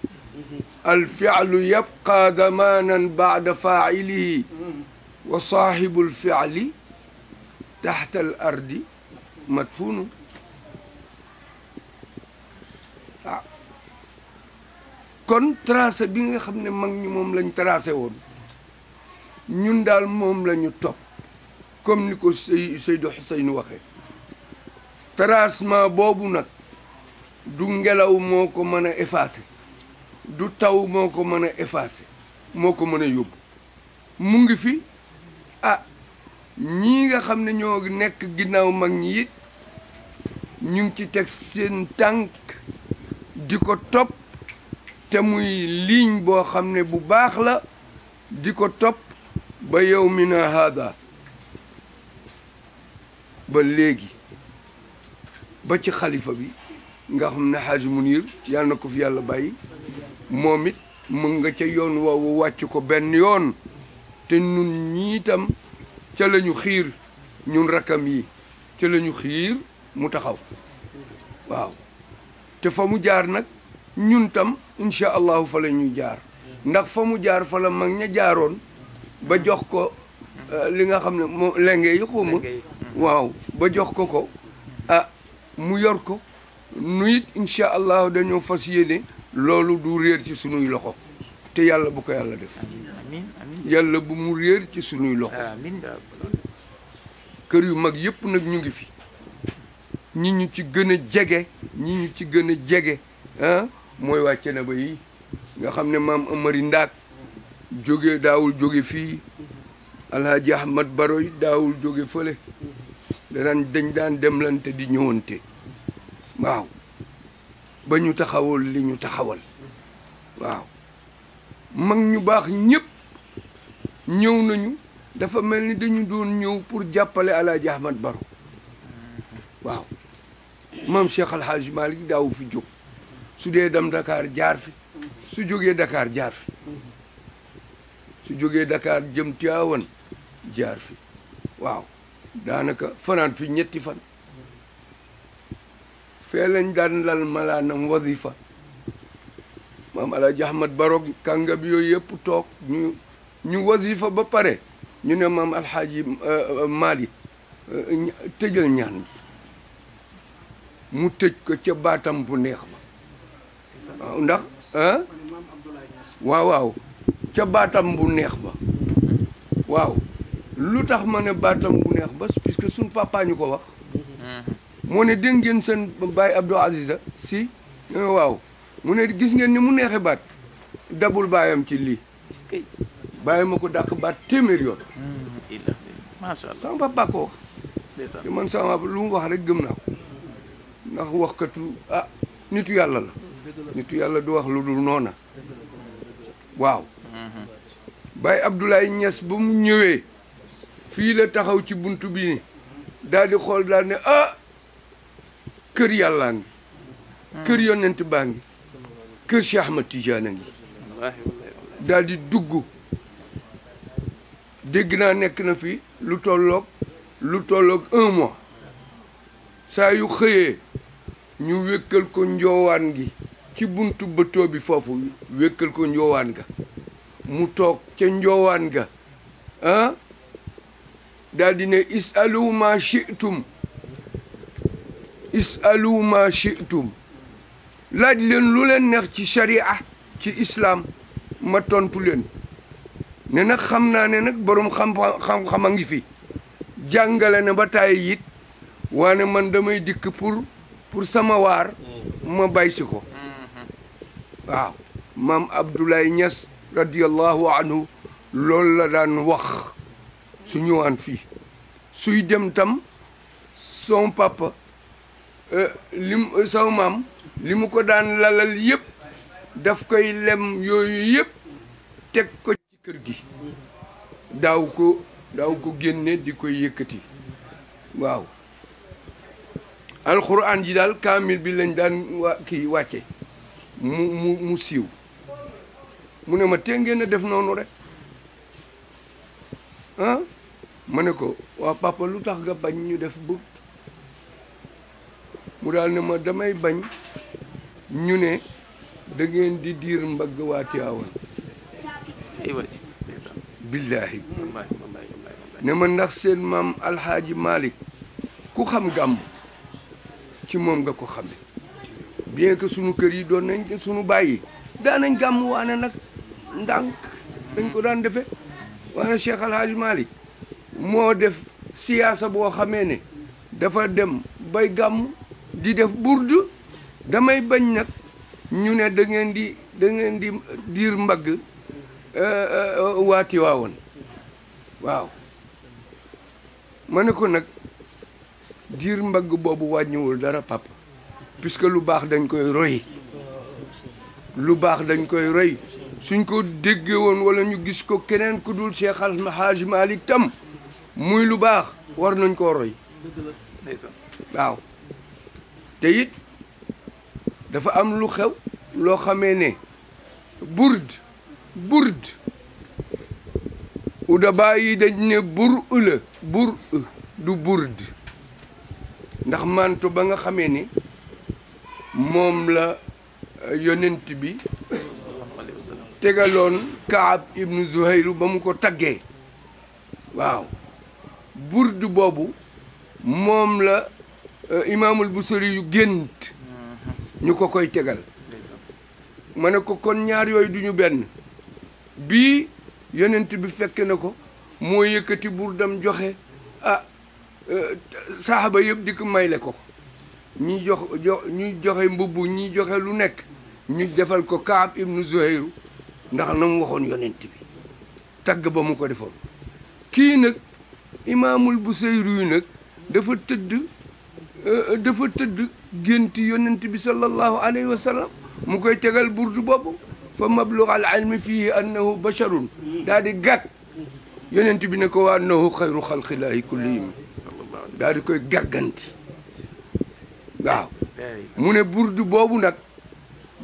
alfialu yabqa zamanan baada faacilihi wa saaxibu تحت الأرض مدفون ah kon tracé bi nga xam ne mag ñi moom lañ tracé woon ñun daal moom la ñu topp comme ni ko say Seydou Xuseyn waxee tracement boobu nag du ngelaw moo ko mën ah ñii nga xam ne ñoo nekk ginnaaw mag ñi it ñu ngi ci teg seen tànk di ko topp te muy liiñ boo xam ne bu baax la di ko topp ba yow mina haada ba léegi ba ci xalifa bi nga xam ne Hadj Munir yàlla na ko fi yàlla bàyyi moom it mën nga ca yoon woowu wàcc ko benn yoon te nun ñii tam ca lañu xiir ñun rakkam yi ca lañu xiir mu taxaw waaw te fa mu jaar nag ñun tam incha allahu fa la ñuy jaar ndax fa mu jaar fa la mag ña jaaroon ba jox ko euh, li nga xam ne moom lenge yi xuma waaw ba jox ko ko ah mu yor ko nu it incha allahu dañoo fas yéene loolu du réer ci sunuy loxo te yàlla bu ko yàlla def yàlla bu mu réer ci sunuy loxo. kër yu mag yëpp nag ñu ngi fi ñi ñu ci gën a jege ñi ñu ci gën a jege ah mooy waa ba yi nga xam ne maam Amari Ndaak jóge daawul jóge fii Alhaji Ahmad Baroy daawul jóge fale danaan dañ daan demlante di ñëwante waaw ba ñu taxawal li ñu taxawal waaw mag ñu baax ñëpp ñëw nañu dafa mel ni dañu doon ñëw pour jàppale Alaaji Ahmad Baro waaw maam Cheikh Al Hadj daaw fi jóg su dee dem dakaar jaar fi su jógee Dakar jaar fi su jógee Dakar jëm Tiwaawan jaar fi waaw daanaka ñetti fan fee lañ daan lal malaanam wasifa maam Alaaji Ahmad Baro kàngab yooyu yëpp toog ñu ñu wasi fa ba pare ñu ne maam alxaaji euh, Maalik euh, tëjal ñaan bi mu tëj ko ca baatam bu neex ba waaw ndax ah waaw waaw ca baatam bu neex ba waaw lu tax ma ne baatam bu neex ba puisque suñ papa ñu ko wax mm-hmm. moo ne dégg ngeen seen baay Abdou Aziza si waaw mu ne gis ngeen ni mu neexe baat dabul baayam ci lii bayimako dak ba dàq yo téeméer yoon. allah sama papa ko wax. man sama lu wax rek gëm naa ko. ah nitu yalla la. nitu yalla du wax lu nona waw hmm, hmm. bay Baye Abdoulaye Niass ba mu ñëwé fi la taxaw ci buntu bi di ne ah kër yalla ngi. kër yonent baangi ngi. kër Cheikh Ahmed Tidiane ngi. di duggu dégg naa nekk na fi lu tolloog lu tolloog un mois saa xëyee ñu wékkal ko njoowaan gi ci buntu bëtoo bi foofu wékkal ko njoowaan ga mu toog ca njoowaan ga ah daal ne isalu ma shi'tum isalu ma shi'tum laaj leen lu leen neex ci sharia ci islaam ma tontu leen ne nak xamna ne nak borom xam xam-xam ngi fi jangale ne ba tay yit wane man damay dik pour pour sama war ma bay ko waaw Mam abdoulay ñas radiallahu anhu lol la dan wax suñu wan fi suy dem tam son papa euh, lim euh, saw mam li mu ko lalal yépp daf koy lem yoyu yépp tek ko kër gi daaw ko daaw ko génne di koy yëkkati waaw alxuraan ji daal kaamil bi lañ daan wa kii wàcce mu mu siiw mu ne ma te ngeen def noonu rek ah ma ne ko waa papa lu tax nga bañ ñu def bu mu daal ne ma damay bañ ñu ne da ngeen di diir mbagg waa tey waay billaahi ne ma ndax seen maam alxaaji Malick ku xam gàmm ci moom nga ko xame bien que sunu kër yi doon nañ sunu bàyyi daanañ gàmm waane nag ndànk dañ ko daan defe waane Cheikh alxaaji Malick moo def siyaasa boo xamee ne dafa dem bay gàmm di def burdu damay bañ nag ñu ne da ngeen di da di diir mbagg Eh, eh, eh, waa Tiwaawoon waaw ma ne ko nag diir mbagg boobu wàññiwul dara papa puisque lu baax dañ koy roy lu baax dañ koy roy suñ ko déggee woon wala ñu gis ko keneen ku dul Cheikh Al Hadj tam muy lu baax war nañ koo roy waaw te it dafa am lu xew loo xame ne burd burd udabaa yi dañ ne bur u la bur du burd ndax manto ba nga xamee ni moom la euh, yonent bi tegaloon Kaab ibnu Zuhayru ba mu ko taggee waaw burd boobu moom la euh, imaamul Busiri yu gént mm-hmm. ñu ko koy tegal ma ko kon ñaar yooyu duñu benn bii yonent bi fekk ne ko moo yëkkati buur dem joxe ah euh, saxaaba yëpp di ko mayle ko ñuy jox jox ñuy joxe mbubb ñu joxe lu nekk ñu defal ko Kaab ibnu Zuhayru ndax na mu waxoon yonent bi tagg ba mu ko defoon kii nag imaamul Busayri nag dafa tëdd euh, dafa tëdd génti yonent bi sallallahu alayhi wa mu koy tegal buur burdu boobu فمبلغ العلم فيه أنه بشر دادي جاك يننتي بنكو أنه خير خلق الله كلهم دادي كوي جاك جنت واو من برد بابو نك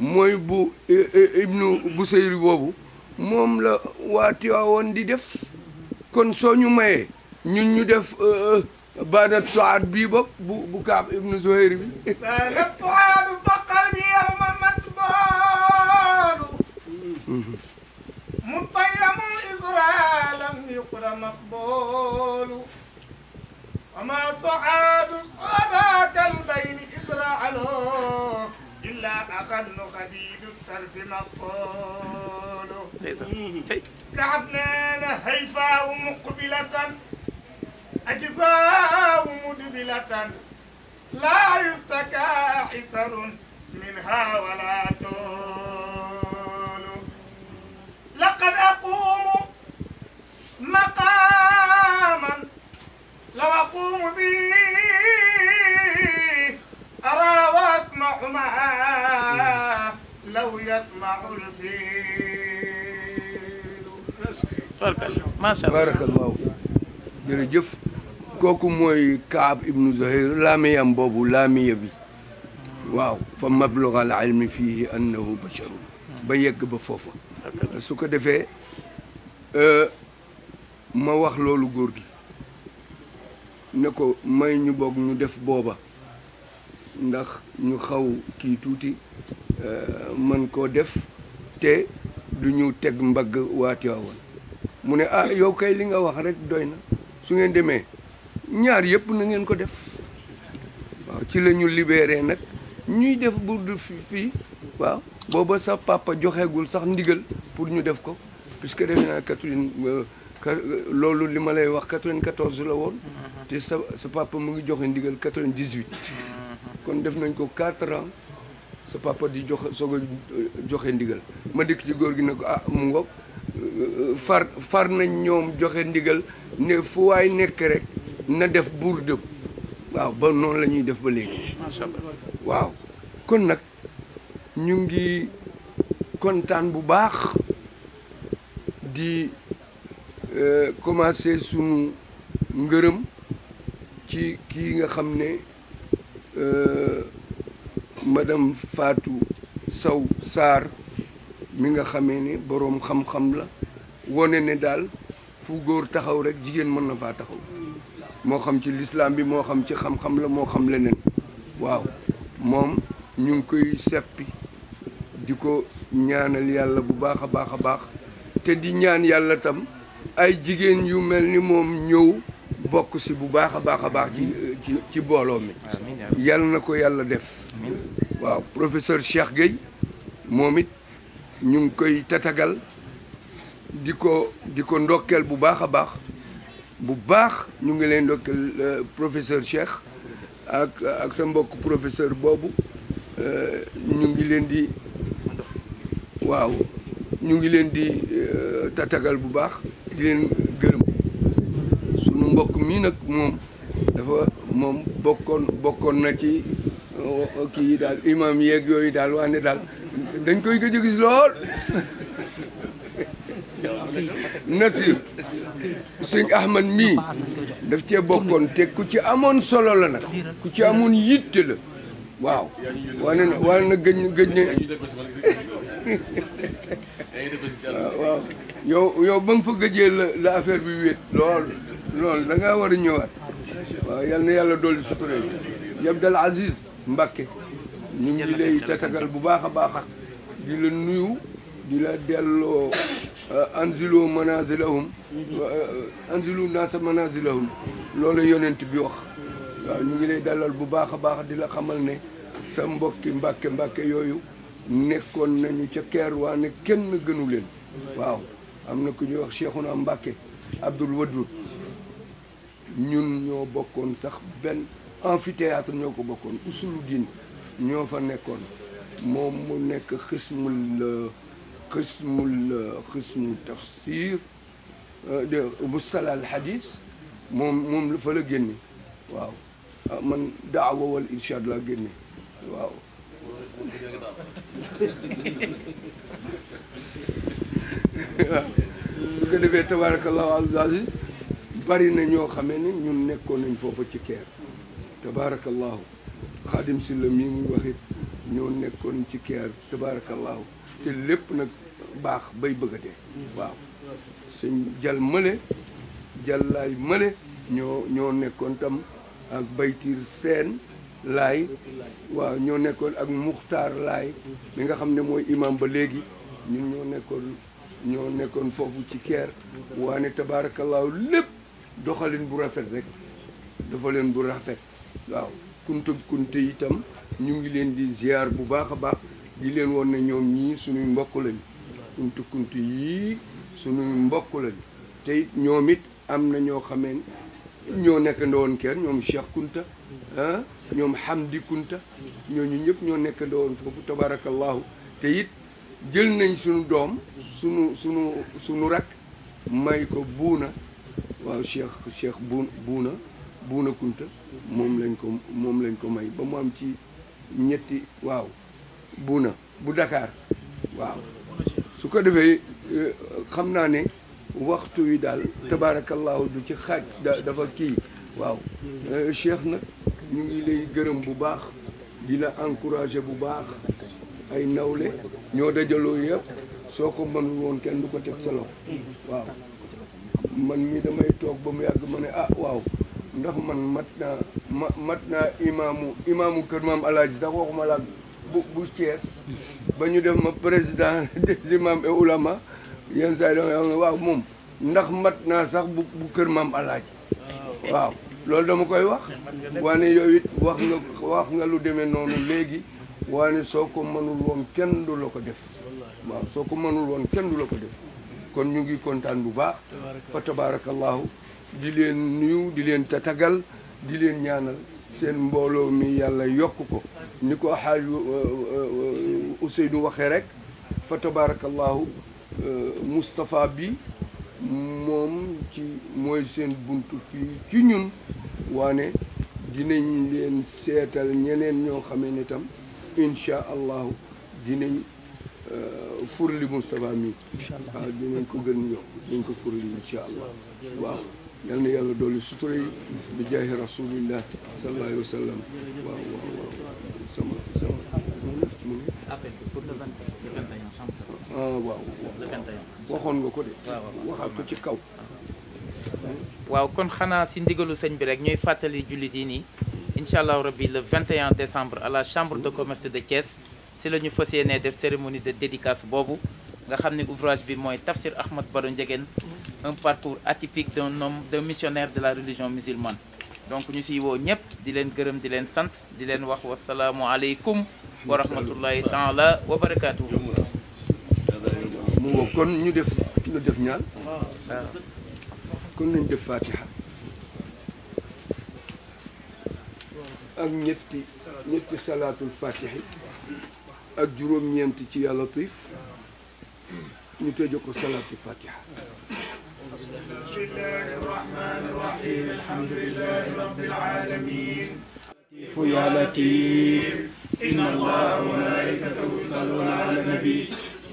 موي بو ابن بوسير بابو موم لا واتي اون دي ديف كون سونيو ماي نين ني ديف بانات سعاد بي بو كاب ابن زهير بي بانات سعاد بقى مطيم إزرى لم يقر مقبول وما صعاد هذا كالبين إزرى علوه إلا أقل قديد الترف مقبول طيب. لعبنا هيفاء مقبلة أجزاء مدبلة لا يستكى حسر منها ولا تور لقد أقوم مقاما لو أقوم به أرى وأسمع ما لو يسمع الفيل ما شاء الله بارك الله فيك جرجف كوكو موي كعب ابن زهير لا ميام بوبو لا ميبي واو فمبلغ العلم فيه انه بشر بيك بفوفه su ko defee euh, ma wax loolu góor gi ne ko may ñu boog ñu def booba ndax ñu xaw kii tuuti euh, man koo def te du ñu teg mbagg waatiwaawoon mu ne ah yow kay li nga wax rek doy na su ngeen demee ñaar yëpp na ngeen ko def waaw ci la ñu nag ñuy def bu du fii waaw booba sa papa joxeegul sax ndigal pour ñu def ko puisque defe naa Catherine euh, euh, loolu li ma lay wax 94 la woon mm-hmm. te sa sa papa mu ngi joxe ndigal 98 mm-hmm. kon def nañ ko 4 ans sa papa di joxe soog euh, joxe ndigal ma dikk ci góor gi ne ko ah mu ngoog far far nañ ñoom joxe ndigal ne fu waay nekk rek na def buur dëpp waaw ba noonu la ñuy def ba léegi waaw kon nag ñu ngi kontaan bu baax di euh, commencer sunu ngërëm ci kii nga xam ne euh, madame faatu saw Sarr mi nga xamee ne boroom xam-xam la wone ne daal fu góor taxaw rek jigéen mën na faa taxaw moo xam ci lislaam bi moo xam ci xam-xam la moo xam leneen waaw moom ñu ngi koy seppi di ko ñaanal yàlla bu baax a baax a baax te di ñaan yàlla tam ay jigéen yu mel ni moom ñëw bokk si bu baax a baax a baax ci ci ci booloo mi yàlla na ko yàlla def waaw professeur Cheikh Gueye moom it ñu ngi koy tatagal di ko di ko ndokkeel bu baax a baax bu baax ñu ngi leen ndokkeel euh, professeur Cheikh ak ak sa mbokk professeur boobu euh, ñu ngi leen di waaw ñu ngi leen di euh, tatagal bu baax di leen gërëm sunu mbokk mi nag moom dafa moom bokkoon bokkoon na ci euh, kii yi daal imam yeeg yooyu daal wax daal dañ koy gëj a gis lool Nasir sëñ Ahmad mii daf cee bokkoon te ku ci amoon solo la nag ku ci amoon yitte la waaw wane na wane na gëj gëj na waaw yow yow ba nga fa gëjee la la affaire bi wéet lool lool da ngaa war a ñëwaat yal na yàlla dolli sutura yi dal Aziz Mbacke ñu ngi lay tatagal bu baax a baax di la nuyu di la delloo euh, anzilu manazilahum euh, anzilu sa manazilahum loolu yonent bi wax waaw ñu ngi lay dalal bu baax a baax di la xamal ne sa mbokki Mbacke Mbacke yooyu nekkoon nañu ca keer waa ne kenn gënu leen waaw am na ku ñuy wax Cheikhouna Mbacke Abdoul Wadoud ñun ñoo bokkoon sax benn amphithéâtre ñoo ko bokkoon usulu diin ñoo fa nekkoon moom mu nekk xismul xismul xismu tafsir de mustala al hadis moom moom la fa la génne waaw man daawa wal inchaad la génne waaw waaw su ko defee tabaarakallaahu alazim bari na ñoo xamee ne ñun nekkoon nañ foofa ci keer tabaarakallaahu xaadim si la mii muy waxit ñoo nekkoon ci keer tabaarakallaahu te lépp nag baax bay bëgg a dee waaw sëñ jal mële jàllaay mële ñoo ñoo nekkoon tam ak baytiir seen laay waaw ñoo nekkoon ak muxtaar laay mi nga xam ne mooy imam ba léegi ñu ñoo nekkoon ñoo nekkoon foofu ci keer waane tabaarakallaahu lépp doxalin bu rafet rek leen bu rafet waaw kunta yi itam ñu ngi leen di ziar bu baax a baax di leen woon ne ñoom ñii suñuy mbokk lañu kunta kunte yii suñuy mbokk lañu te ñoom it am na ñoo xamee ñoo nekk ndowoon keer ñoom Cheikh Kunta ah. ñoom Hamdi Kunta ñooñu ñëpp ñoo nekk doon foofu tabarakallahu jël nañ suñu doom suñu suñu suñu rak may ko buuna waaw cheikh bu buuna buuna kunta lañ ko moom lañ ko may ba mu am ci ñetti waaw bu Dakar waaw su ko defee euh, xam naa ne waxtu wi daal tabarakallahu du ci xaaj dafa kii waaw euh, cheikh nag ñu ngi lay gërëm bu baax di la encouragé bu baax ay nawle ñoo dajaloo yëpp soo ko mënul kenn du ko teg sa loxo waaw man mi damay toog ba mu yàgg ma ne ah waaw ndax man mat naa ma mat naa imaamu imaamu kër maam alaaji sax waxuma la bu bu Thiès ba ñu def ma président des imams et ulama yenn saa yi dama waaw moom ndax mat naa sax bu bu kër maam alaaji waaw loolu dama koy wax waane yow it wax nga wax nga lu demee noonu léegi waane soo ko mënul woon kenn du la ko def soo ko mënul woon kenn du la ko def kon ñu ngi kontaan bu baax fa tabaarakallaahu di leen nuyu di leen tatagal di leen ñaanal seen mbooloo mi yàlla yokk ko ni ko xaaj du uh, uh, uh, waxee rek fa tabaarakallaahu Moustapha bi moom ci mooy seen buntu fii ci ñun waane dinañ leen seetal ñeneen ñoo xamee ne tam incha allahu dinañ euh, furli Moustapha mi waaw ah, dinañ ko gën ñoom dinañ ko furli incha allah waaw yal na yàlla dolli sutura yi bi jaahi rasulillah sallallahu waaw waaw waaw waxoon nga ko de. ci kaw. waaw kon xanaa si ndigalu sëñ bi rek ñuy fàttali jullit yi nii incha le 21 décembre à la chambre de commerce de Thiès si la ñu fas yéenee def cérémonie de dédicace boobu nga xam ne ouvrage bi mooy Tafsir Ahmad Baro Ndiéguène un parcours atypique d'un homme d'un missionnaire de la religion musulmane donc ñu siy woo ñëpp di leen gërëm di leen sant di leen wax wasalaamualeykum wa rahmatullahi taala wa barakaatu. waaw kon ñu def def ñaan kon nañ def fatiha ak ñetti ñetti salaatul fatihi ak juróom-ñeenti ci yàlla tiif ñu tëje ko salaatul fatiha بسم الله الرحمن الرحيم الحمد لله رب العالمين لطيف يا لطيف إن الله وملائكته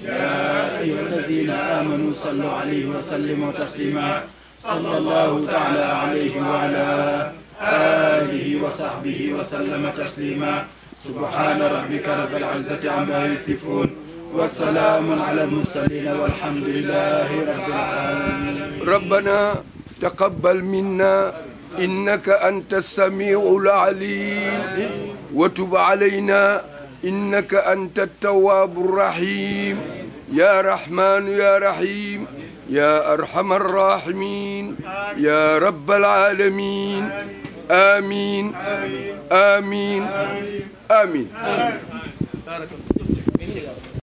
يا أيها الذين آمنوا صلوا عليه وسلموا تسليما صلى الله تعالى عليه وعلى آله وصحبه وسلم تسليما سبحان ربك رب العزة عما يصفون والسلام على المرسلين والحمد لله رب العالمين ربنا تقبل منا إنك أنت السميع العليم وتب علينا إنك أنت التواب الرحيم يا رحمن يا رحيم يا أرحم الراحمين يا رب العالمين آمين آمين آمين, آمين. آمين. آمين.